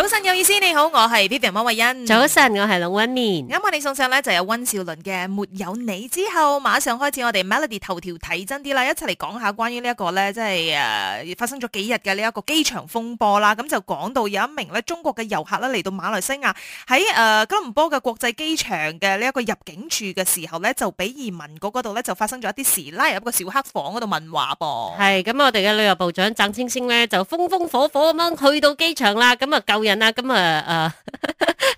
早晨有意思你好，我係 Vivian 莫慧欣。早晨，我係盧韻綿。啱啱你送上咧就是、有溫兆倫嘅沒有你之後，馬上開始我哋 Melody 頭條睇真啲啦，一齊嚟講下關於呢一個咧，即係誒、呃、發生咗幾日嘅呢一個機場風波啦。咁、嗯、就講到有一名咧中國嘅遊客咧嚟到馬來西亞喺誒吉隆坡嘅國際機場嘅呢一個入境處嘅時候咧，就俾移民局嗰度咧就發生咗一啲事，拉入一個小黑房嗰度問話噃。係咁、 嗯嗯，我哋嘅旅遊部長張慶信咧就風風火火咁樣去到機場啦，咁啊舊。人啦，咁啊，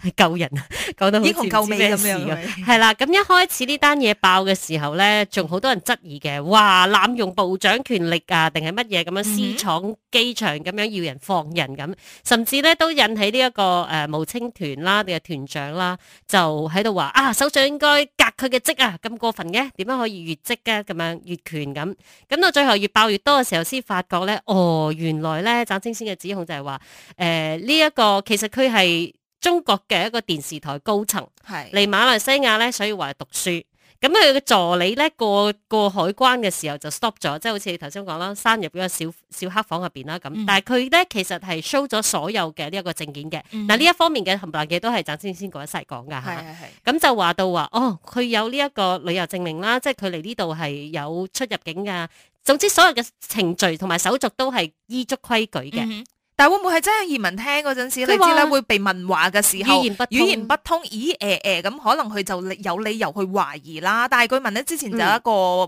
誒、呃、救人啊，救到好似知咩事咁樣，係啦，咁一開始呢單嘢爆嘅時候咧，仲好多人質疑嘅，哇濫用部長權力啊，定係乜嘢咁樣私闖機場咁樣要人放人咁，嗯、哼甚至咧都引起呢、這、一個誒、呃、巫青團啦，定係團長啦，就喺度話啊，首相應該革佢嘅職啊，咁過分嘅，點樣可以越職嘅、啊、咁樣越權咁，咁到最後越爆越多嘅時候，先發覺咧，哦，原來咧，鄭青先嘅指控就係話誒呢一個。個其實佢係中國嘅一個電視台高層，嚟是馬來西亞呢，所以話讀書。咁佢嘅助理呢，過過海關嘅時候就 stop 咗，即係好似你頭先講啦，閂入咗小小黑房入邊啦咁。嗯、但係佢呢，其實係 show 咗所有嘅呢一個證件嘅。嗱呢、嗯、哼一方面嘅冚唪唥嘅都係暫時先講一齊講噶，咁就話到話哦，佢有呢一個旅遊證明啦，即係佢嚟呢度係有出入境噶。總之所有嘅程序同埋手續都係依足規矩嘅。嗯但會唔會係真係移民廳嗰陣時，說你知啦，會被問話嘅時候，語言不通，語言不通，咦誒誒，咁、欸欸欸、可能佢就有理由去懷疑啦。但係據聞呢，之前就一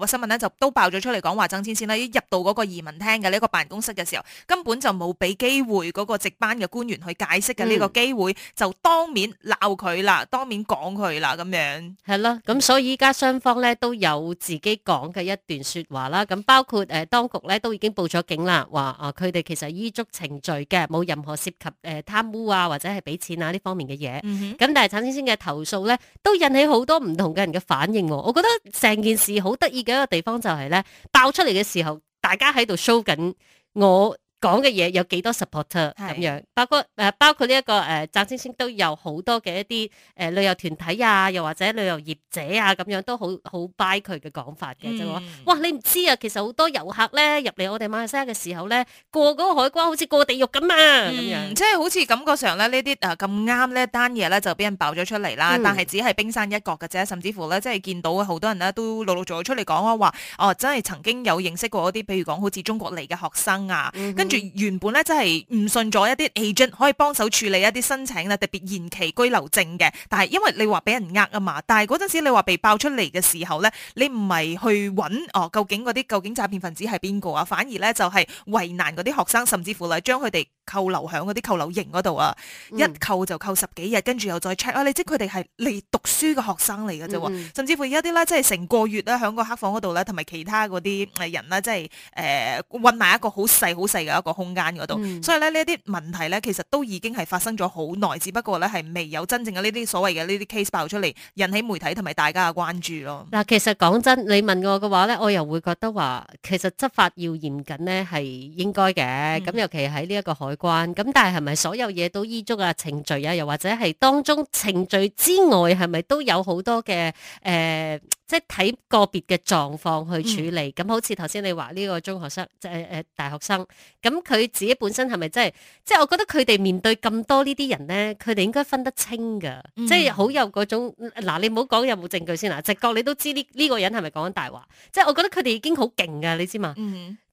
個新聞咧，就都爆咗出嚟講話曾千千咧，一入到嗰個移民廳嘅呢一個辦公室嘅時候，根本就冇俾機會嗰個值班嘅官員去解釋嘅呢個機會，嗯、就當面鬧佢啦，當面講佢啦咁樣。係咯，咁所以依家雙方咧都有自己講嘅一段説話啦。咁包括誒當局咧都已經報咗警啦，話啊佢哋其實依足程序。嘅冇任何涉及誒貪污啊，或者係俾錢啊呢方面嘅嘢，咁、嗯、哼但係陳先生嘅投訴咧，都引起好多唔同嘅人嘅反應、哦。我覺得成件事好得意嘅一個地方就係咧，爆出嚟嘅時候，大家喺度 show 緊我。講嘅嘢有幾多 supporter 咁樣，包括誒包括呢一個誒賺錢先都有好多嘅一啲誒、呃、旅遊團體啊，又或者旅遊業者啊咁樣都好好 buy 佢嘅講法嘅啫喎，哇你唔知啊，其實好多遊客咧入嚟我哋馬來西亞嘅時候咧過嗰個海關好似過地獄咁啊，咁樣、嗯、即係好似感覺上咧呢啲誒咁啱呢單嘢咧就俾人爆咗出嚟啦，嗯、但係只係冰山一角嘅啫，甚至乎咧即係見到好多人咧都陸陸續續出嚟講啊話，哦，哦真係曾經有認識過一啲譬如講好似中國嚟嘅學生啊，跟、嗯。嗯原本咧真係唔信咗一啲 agent 可以幫手處理一啲申請啦，特別延期居留證嘅。但係因為你話俾人呃啊嘛，但係嗰陣時你話被爆出嚟嘅時候咧，你唔係去揾，哦，究竟嗰啲究竟詐騙分子係邊個啊？反而咧就係為難嗰啲學生，甚至乎係將佢哋。扣留喺嗰啲扣留營嗰度啊，一扣就扣十幾日，跟住又再 check 啊！你即佢哋係嚟讀書嘅學生嚟嘅啫喎，嗯、甚至乎而家啲咧，即係成個月咧，喺個黑房嗰度咧，同埋其他嗰啲誒人啦，即係誒困埋一個好細好細嘅一個空間嗰度，嗯、所以呢，呢啲問題咧，其實都已經係發生咗好耐，只不過咧係未有真正嘅呢啲所謂嘅呢啲 case 爆出嚟，引起媒體同埋大家嘅關注咯。嗱，其實講真，你問我嘅話咧，我又會覺得話，其實執法要嚴謹呢，係應該嘅，咁尤其喺呢一個海關咁，但係係咪所有嘢都依足啊程序啊，又或者係當中程序之外，係咪都有好多嘅誒？呃即係睇個別嘅狀況去處理，咁好似頭先你話呢個中學生，即係誒大學生，咁佢自己本身係咪真係即係？即係我覺得佢哋面對咁多呢啲人咧，佢哋應該分得清㗎，即係好有嗰種嗱，你唔好講有冇證據先嗱，直覺你都知呢呢個人係咪講緊大話？即係我覺得佢哋已經好勁㗎，你知嘛？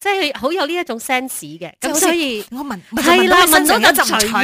即係好有呢一種 sense 嘅，咁所以我問係啦，問到就隨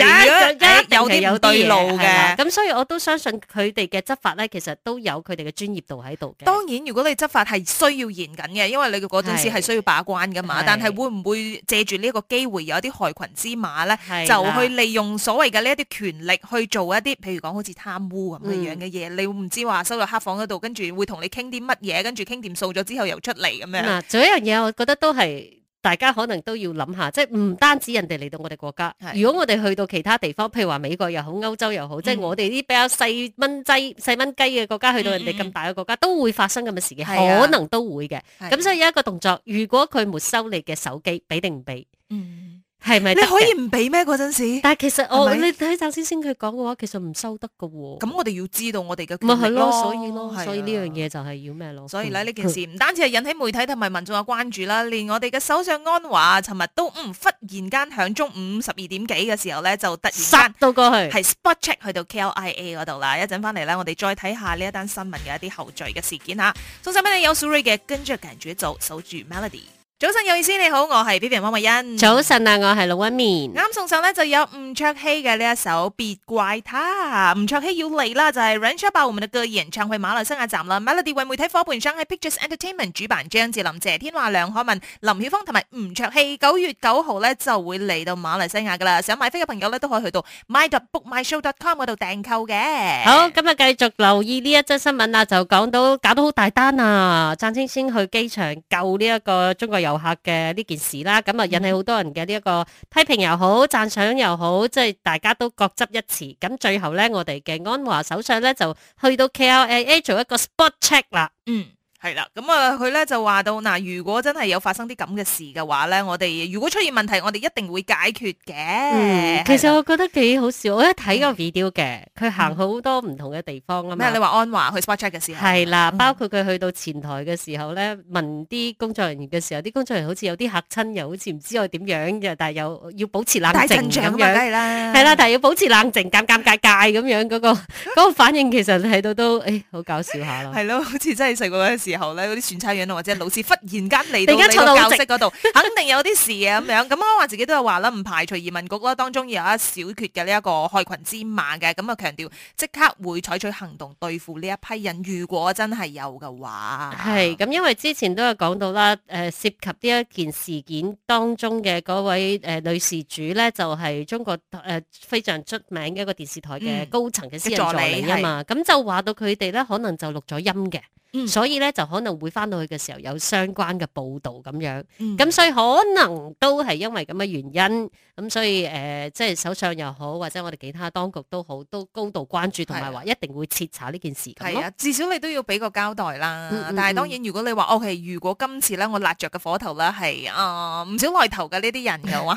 有啲有啲路嘅，咁所以我都相信佢哋嘅執法咧，其實都有佢哋嘅專業度喺度嘅。當然，如果你執法係需要嚴謹嘅，因為你嗰陣時係需要把關噶嘛。的但係會唔會借住呢一個機會有一啲害群之馬咧，的就去利用所謂嘅呢一啲權力去做一啲，譬如講好似貪污咁樣嘅嘢，嗯、你會唔知話收到黑房嗰度，跟住會同你傾啲乜嘢，跟住傾掂數咗之後又出嚟咁樣。嗱，做一樣嘢，我覺得都係。大家可能都要諗下，即係唔單止人哋嚟到我哋國家，是的 如果我哋去到其他地方，譬如話美國又好、歐洲又好，嗯、即係我哋啲比較細蚊仔、細蚊雞嘅國家嗯嗯去到人哋咁大嘅國家，都會發生咁嘅事嘅。是的 可能都會嘅。咁是的 所以有一個動作，如果佢沒收你嘅手機，俾定唔俾？嗯係咪？是是可你可以唔俾咩？嗰陣時，但係其實我是是你睇鄧先生佢講嘅話，其實唔收得嘅喎。咁我哋要知道我哋嘅權利咯，所以咯，的所以呢樣嘢就係要咩咯？所以咧呢件事唔單止係引起媒體同埋民眾嘅關注啦， 連我哋嘅首相安華尋日都唔、嗯、忽然間喺中午十二點幾嘅時候咧，就突然殺到過去，係 spot check 去到 KLIA 嗰度啦。一陣翻嚟咧，我哋再睇下呢一單新聞嘅一啲後續嘅事件嚇。早上好，我係姚淑瑞嘅，跟着感覺走，守住 melody。早晨，有意思你好，我係 Vivian 汪慧欣。早晨啊，我係六一面。啱送上呢就有吳卓羲嘅呢一首別怪他。吳卓羲要嚟啦，就係、是、Rancher 包我們嘅歌，人唱去馬來西亞站啦。Melody 為媒體伙伴商喺 Pictures Entertainment 主辦，張智霖、謝天華、梁凱文、林曉峰同埋吳卓羲九月九號呢就會嚟到馬來西亞噶啦。想買飛嘅朋友呢都可以去到 MyBookMyShow.com 嗰度訂購嘅。好，今日繼續留意呢一則新聞啦，就講到搞到好大單啊！暫時先去機場救呢一個中國人。遊客嘅呢件事啦，咁啊引起好多人嘅呢一個批評又好讚賞又好，即係大家都各執一詞。咁最後咧，我哋嘅安華首相咧就去到 KLIA 做一個 spot check 啦。嗯。係啦，咁啊佢咧就話到嗱，如果真係有發生啲咁嘅事嘅話咧，我哋如果出現問題，我哋一定會解決嘅。嗯，其實我覺得幾好笑，我一睇個 video 嘅，佢行好多唔同嘅地方啊。咩？你話安華去 spot check 嘅時候係啦，包括佢去到前台嘅時候咧，問啲工作人員嘅時候，啲工作人員好似有啲吓親，又好似唔知我點樣嘅，但係又要保持冷靜咁樣，係啦，但係要保持冷靜，尷尷尬尬咁樣嗰個、嗰個反應，其實睇到都誒、哎、好搞笑下咯。係咯，好似真係成個事。然後咧，嗰啲選差員或者老師忽然間嚟到你教室嗰度， 肯定有啲事啊咁樣。咁我話自己都有話啦，唔排除移民局啦當中有一小撮嘅呢一個害群之馬嘅。咁啊強調即刻會採取行動對付呢一批人，如果真係有嘅話。係咁，因為之前都有講到啦，誒涉及呢一件事件當中嘅嗰位誒女事主咧，就係、是、中國誒非常出名嘅一個電視台嘅高層嘅私人助理啊嘛。咁、嗯、就話到佢哋咧可能就錄咗音嘅。嗯、所以咧就可能會翻到去嘅時候有相關嘅報導咁樣，咁、嗯、所以可能都係因為咁嘅原因，咁所以誒、呃、即係首相又好或者我哋其他當局都好，都高度關注同埋話一定會徹查呢件事。係啊，至少你都要俾個交代啦。嗯嗯，但係當然如果你話 O K，如果今次咧我揦着嘅火頭咧係啊唔少外頭嘅呢啲人嘅話，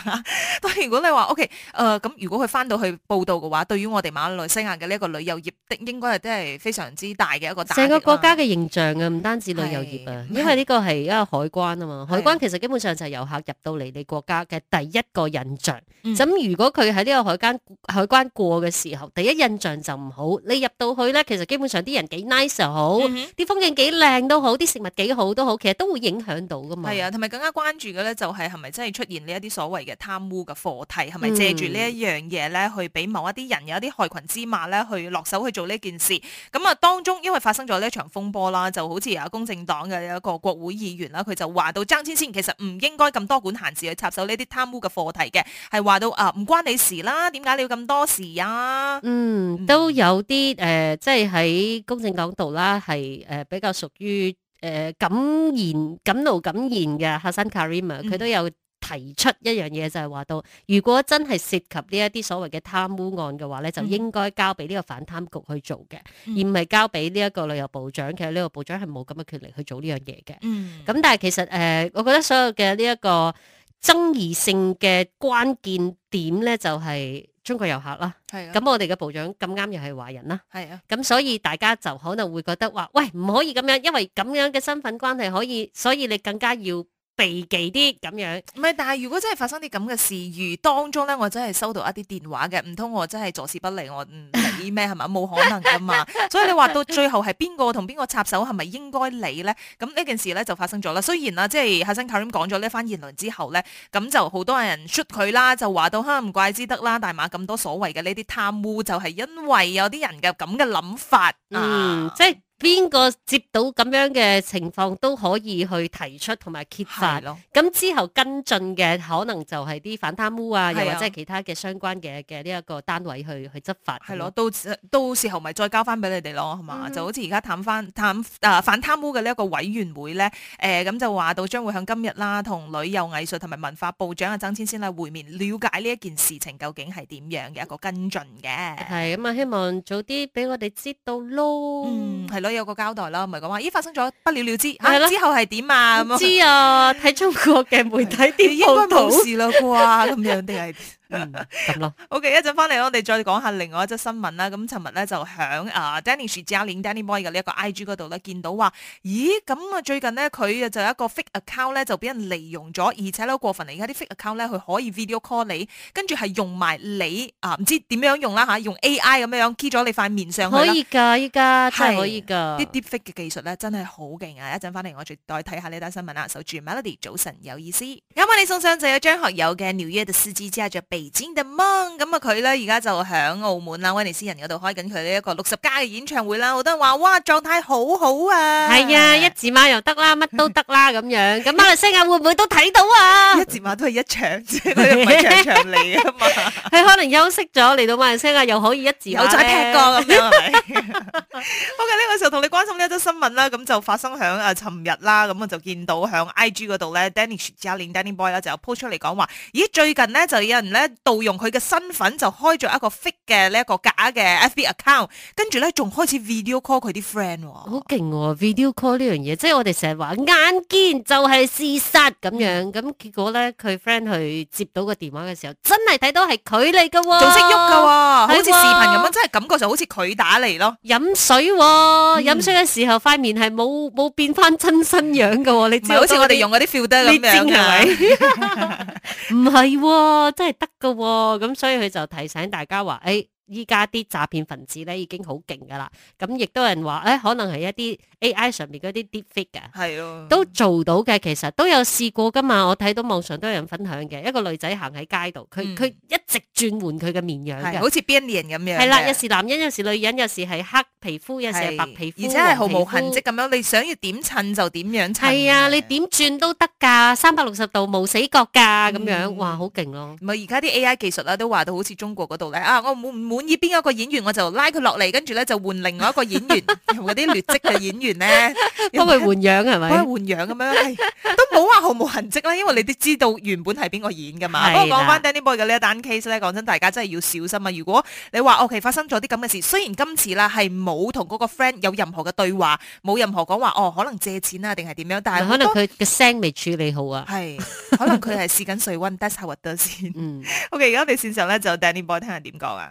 當然 如果你話 O K，誒咁如果佢翻到去報導嘅話，對於我哋馬來西亞嘅呢一個旅遊業的應該係真係非常之大嘅一個大。整個國家嘅形。唔、嗯、單止旅遊業啊，是因為呢個係一個海關啊嘛，是海關其實基本上就係遊客入到嚟你國家嘅第一個印象。咁、嗯、如果佢喺呢個海關海關過嘅時候，第一印象就唔好，你入到去呢，其實基本上啲人幾 nice 又好，啲、嗯、哼風景幾靚都好，啲食物幾好都好，其實都會影響到噶嘛。係啊，同埋更加關注嘅呢，就係係咪真係出現呢一啲所謂嘅貪污嘅課題，係咪借住呢一樣嘢呢？去俾某一啲人有一啲害群之馬呢，去落手去做呢件事？咁、嗯、啊，當中因為發生咗呢一場風波啦。啊，就好似有公正黨嘅一個國會議員啦，佢就話到張千先，其實唔應該咁多管閒事去插手呢啲貪污嘅課題嘅，係話到啊，唔、呃、關你事啦，點解你要咁多事啊？嗯，都有啲誒，即係喺公正黨度啦，係誒、呃、比較屬於誒敢、呃、言敢怒敢言嘅哈山卡里瑪，佢、嗯、都有。提出一樣嘢就係、是、話到，如果真係涉及呢一啲所謂嘅貪污案嘅話咧，嗯、就應該交俾呢個反貪局去做嘅，嗯、而唔係交俾呢一個旅遊部長。其實呢個部長係冇咁嘅權力去做呢樣嘢嘅。嗯，咁但係其實誒、呃，我覺得所有嘅呢一個爭議性嘅關鍵點咧，就係、是、中國遊客啦。係、啊，咁我哋嘅部長咁啱又係華人啦。係啊，咁所以大家就可能會覺得，話，喂，唔可以咁樣，因為咁樣嘅身份關係可以，所以你更加要，避忌啲咁樣，唔係，但係如果真係發生啲咁嘅事，如當中咧，我真係收到一啲電話嘅，唔通我真係坐視不理，我唔理咩係咪？冇 可能噶嘛， 所以你話到最後係邊個同邊個插手，係咪應該理咧？咁呢件事咧就發生咗啦。雖然啊，即係夏生 Karim 講咗呢番言論之後咧，咁就好多人削佢啦，就話到哈，唔怪之得啦，大馬咁多所謂嘅呢啲貪污，就係、是、因為有啲人嘅咁嘅諗法啊，嗯、即係。邊個接到咁樣嘅情況都可以去提出同埋揭發，咁的之後跟進嘅可能就係啲反貪污啊，的又或者係其他嘅相關嘅嘅呢一個單位去去執法。係咯，到到時候咪再交翻俾你哋咯，係嘛？嗯、就好似而家探翻探啊、呃、反貪污嘅呢一個委員會咧，誒、呃、咁就話到將會向今日啦同旅遊藝術同埋文化部長啊曾千先啦會面，了解呢一件事情究竟係點樣嘅一個跟進嘅。係咁啊，希望早啲俾我哋知道咯。係咯、嗯。有個交代啦，唔係講話咦發生咗不了了之，啊了之後係點啊？咁樣，唔知啊，睇中國嘅媒體啲報道，應該冇事啦啩，咁樣定係。咁咯 ，OK，一陣翻嚟我哋再講下另外一則新聞啦。咁尋日咧就響啊 Danny s u John 連 Danny Boy 嘅呢一個 IG 嗰度咧見到話，咦咁啊最近咧佢就有一個 fake account 咧就俾人利用咗，而且咧過分啦，而家啲 fake account 咧佢可以 video call 你，跟住係用埋你啊唔知點樣用啦吓、啊，用 AI 咁樣樣 key 咗你塊面上可以噶，依家真係可以噶啲啲 fake 嘅技術咧真係好勁啊！一陣翻嚟我再睇下呢單新聞啦。守住 Melody 早晨有意思，有晚你送上就有張學友嘅《紐約的司機》加著。錢咁啊，佢咧而家就喺澳門啦，威尼斯人嗰度開緊佢呢一個六十加嘅演唱會啦，好多人話哇狀態好好啊，係啊一字馬又得啦，乜都得啦咁樣，咁馬來西亞會唔會都睇到啊？一字馬都係、啊、一場啫，佢又唔係場場嚟啊嘛，佢 可能休息咗嚟到馬來西亞又可以一字，又再踢過咁樣。OK 呢個時候同你關心呢一則新聞啦，咁就發生喺啊尋日啦，咁我就見到喺 IG 嗰度咧，Danny Shu n k Danny Boy 就 po 出嚟講話，咦最近呢，就有人咧。盜用佢嘅身份就開咗一個 fake 嘅呢一個假嘅 FB account，跟住咧仲開始 video call 佢啲 friend，好勁、哦、video call 呢樣嘢，即係我哋成日話眼見就係事實咁樣，咁結果咧佢 friend 去接到個電話嘅時候，真係睇到係佢嚟噶，仲識喐噶，好似視頻咁樣，真係、哦、感覺就好似佢打嚟咯。飲水、哦，飲、嗯、水嘅時候塊面係冇冇變翻真身樣嘅，你知好似我哋用嗰啲 filter 咁樣係咪？唔係、 哦，真係得。個喎，咁、哦、所以佢就提醒大家話，誒、哎。依家啲詐騙分子咧，已經好勁噶啦，咁亦都有人話咧、哎，可能係一啲 AI 上面嗰啲 deepfake 嘅，係都做到嘅，其實都有試過噶嘛。我睇到網上都有人分享嘅，一個女仔行喺街度，佢佢、嗯、一直轉換佢嘅面樣嘅，好似變人咁樣。係啦，有時男人，有時女人，有時係黑皮膚，有時係白皮膚，而且係毫無痕跡咁樣，你想要點襯就點樣襯。係啊，你點轉都得㗎，三百六十度無死角㗎咁樣，嗯、哇，好勁咯。唔係而家啲 AI 技術啦，都話到好似中國嗰度咧啊，我冇冇、啊滿意邊一個演員，我就拉佢落嚟，跟住咧就換另外一個演員，同嗰啲劣迹嘅演員咧，幫佢換樣係咪？幫佢換樣咁樣，哎、 都冇話毫無痕迹啦。因為你都知道原本係邊個演噶嘛。的不過講翻 Danny Boy 嘅呢一單 case 咧，講真，大家真係要小心啊！如果你話哦，其、OK, 實發生咗啲咁嘅事，雖然今次啦係冇同嗰個 friend 有任何嘅對話，冇任何講話，哦，可能借錢啊，定係點樣？但係可能佢嘅聲未處理好啊。係， 可能佢係試緊水温，Does h 先？OK 而家我哋線上咧就 Danny Boy 聽下點講啊。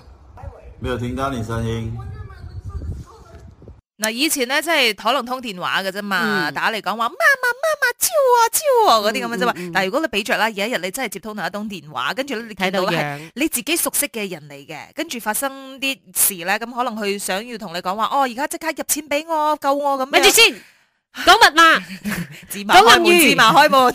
沒有聽到你聲音。嗱，以前咧即係可能通電話嘅啫嘛，嗯、打嚟講話媽媽媽媽招啊招啊嗰啲咁嘅啫嘛。嗯嗯嗯，但係如果你俾着啦，有一日你真係接通那一通電話，跟住咧你睇到係你自己熟悉嘅人嚟嘅，跟住發生啲事咧，咁可能佢想要同你講話，哦而家即刻入錢俾我救我咁。跟住先。等等講密碼，密碼開門，密碼開門，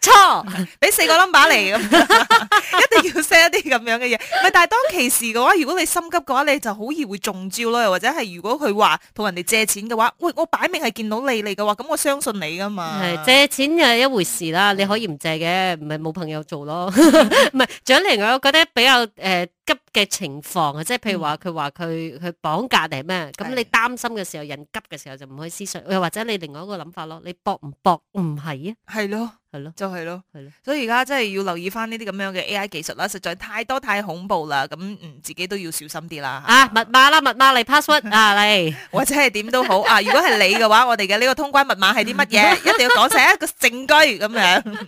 錯錯，俾四個 number 嚟咁， 一定要 set 一啲咁樣嘅嘢。喂， 但係當其時嘅話，如果你心急嘅話，你就好易會中招咯。又或者係如果佢話同人哋借錢嘅話，喂，我擺明係見到你嚟嘅話，咁我相信你噶嘛。係借錢又係一回事啦，你可以唔借嘅，唔係冇朋友做咯。唔 係，仲有另外我覺得比較誒。呃急嘅情況啊，即係譬如話佢話佢佢綁架定係咩？咁你擔心嘅時候，是的 人急嘅時候就唔可以思緒，又或者你另外一個諗法咯，你搏唔搏唔係啊？係咯。係咯，就係咯，係咯了，所以而家真係要留意翻呢啲咁樣嘅 AI 技術啦，實在太多太恐怖啦，咁嗯自己都要小心啲啦吓。啊，密碼啦，密碼嚟，password 啊嚟，或者係點都好啊。如果係你嘅話，我哋嘅呢個通關密碼係啲乜嘢？ 一定要講成一個證據咁樣，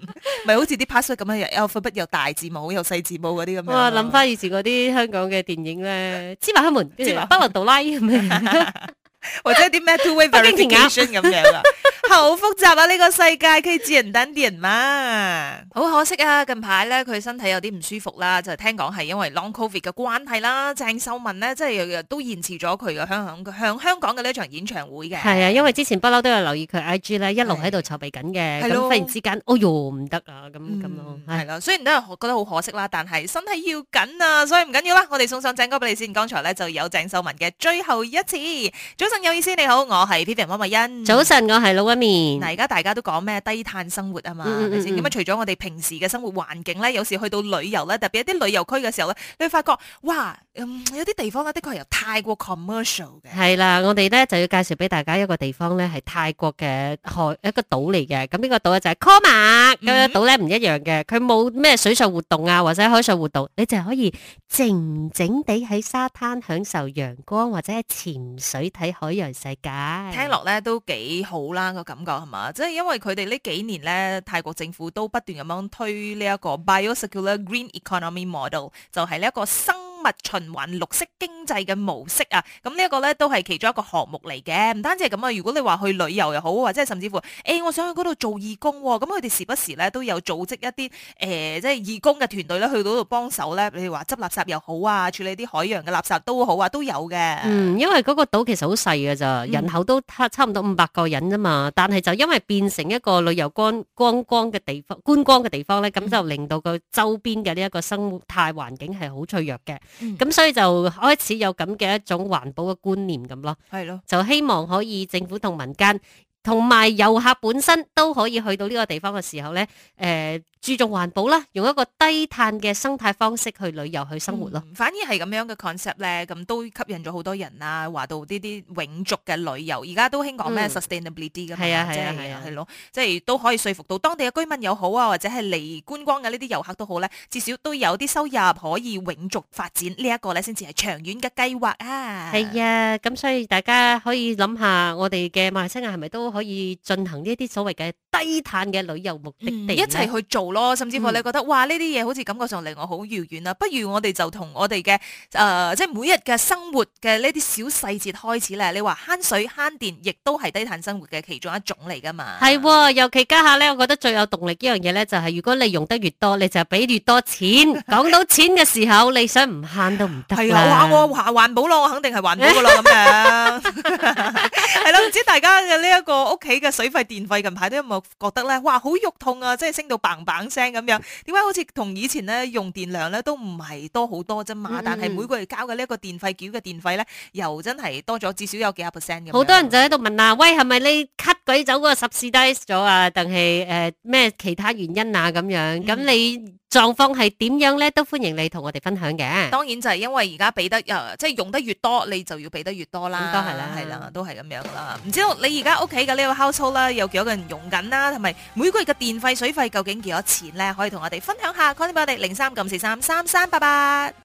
咪 好似啲 password 咁樣又忽忽又大字母又細字母嗰啲咁樣。哇，諗翻以前嗰啲香港嘅電影咧、啊，芝麻開門，即係話不倫倒拉咁樣。 或者啲咩 two-way verification 咁 樣啦，好複雜啊！呢、這個世界佢自然等啲人嘛。好可惜啊，近排咧佢身體有啲唔舒服啦，就是、聽講係因為 long covid 嘅關係啦。鄭秀文咧，即係都延遲咗佢嘅香港向香港嘅呢一場演唱會嘅。係啊，因為之前不嬲都有留意佢 IG 咧，一路喺度籌備緊嘅。咁的忽然之間，哦喲唔得啊，咁咁咯，係咯、嗯。雖然都係覺得好可惜啦，但係身體要緊啊，所以唔緊要啦。我哋送上鄭歌俾你先。剛才咧就有鄭秀文嘅最後一次。早晨，有意思你好，我係 Vivian 溫文欣。早晨，我係老 Amy。嗱，而家大家都講咩低碳生活啊嘛，係咪先、嗯嗯嗯。咁啊，除咗我哋平時嘅生活環境咧，有時去到旅遊咧，特別一啲旅遊區嘅時候咧，你會發覺哇，嗯、有啲地方啊的確係由泰國 commercial 嘅。係啦，我哋咧就要介紹俾大家一個地方咧，係泰國嘅海一個島嚟嘅。咁呢個島咧就係 Koh Ma 嘅島咧，唔、那個、一樣嘅，佢冇咩水上活動啊，或者海上活動，你就係可以靜靜地喺沙灘享受陽光，或者潛水睇海。海洋世界，聽落咧都幾好啦個感覺係嘛，即係因為佢哋呢幾年咧，泰國政府都不斷咁樣推呢一個 biocircular green economy model，就係呢一個生。物循環綠色經濟嘅模式啊，咁呢一個咧都係其中一個項目嚟嘅。唔單止係咁啊，如果你話去旅遊又好，或者甚至乎誒、欸，我想去嗰度做義工咁、啊，佢哋時不時咧都有組織一啲誒、呃，即係義工嘅團隊咧去嗰度幫手咧。你話執垃圾又好啊，處理啲海洋嘅垃圾都好啊，都有嘅。嗯，因為嗰個島其實好細嘅咋，人口都差唔多五百個人咋嘛。但係就因為變成一個旅遊光觀光嘅地方，觀光嘅地方咧，咁就令到個周邊嘅呢一個生態環境係好脆弱嘅。咁、嗯、所以就開始有咁嘅一種環保嘅觀念咁咯，係咯，就希望可以政府同民間同埋遊客本身都可以去到呢個地方嘅時候咧，誒、呃。注重環保啦，用一個低碳嘅生態方式去旅遊去生活咯。嗯、反而係咁樣嘅 concept 咧，咁都吸引咗好多人啊，話到呢啲永續嘅旅遊，而家都興講咩 sustainability 㗎嘛，即係，係啊係啊係咯，即係都可以說服到當地嘅居民又好啊，或者係嚟觀光嘅呢啲遊客都好咧，至少都有啲收入可以永續發展，呢、這、一個咧先至係長遠嘅計劃啊。係啊，咁所以大家可以諗下，我哋嘅馬來西亞係咪都可以進行呢一啲所謂嘅低碳嘅旅遊目的地，嗯，一齊去做。甚至乎你覺得、嗯、哇，呢啲嘢好似感覺上離我好遙遠啊！不如我哋就同我哋嘅誒，即係每日嘅生活嘅呢啲小細節開始啦。你話慳水慳電，亦都係低碳生活嘅其中一種嚟噶嘛？係，尤其家下咧，我覺得最有動力呢樣嘢咧，就係如果你用得越多，你就俾越多錢。講到錢嘅時候， 你想唔慳都唔得啦。話！我話環保咯，我肯定係環保噶咯，咁樣係啦。唔知大家嘅呢一個屋企嘅水費電費近排都有冇覺得咧？哇！好肉痛啊，即係升到聲咁樣，點解好似同以前咧用電量咧都唔係多好多啫嘛？嗯、但係每個月交嘅呢一個電費繳嘅電費咧，又真係多咗至少有幾啊 percent 咁。好多人就喺度問啊，喂，係咪你 cut 鬼走個十四 days 咗啊？定係誒咩其他原因啊？咁樣咁、嗯、你？狀況係點樣咧，都歡迎你同我哋分享嘅。當然就係因為而家俾得，誒，即係用得越多，你就要俾得越多啦。都係啦，係啦，都係咁樣啦。唔知道你而家屋企嘅呢個 h 操 u 啦，有幾多人用緊啦？同埋每個月嘅電費、水費究竟幾多錢咧？可以同我哋分享下。call 俾我哋零三九四三三三八八。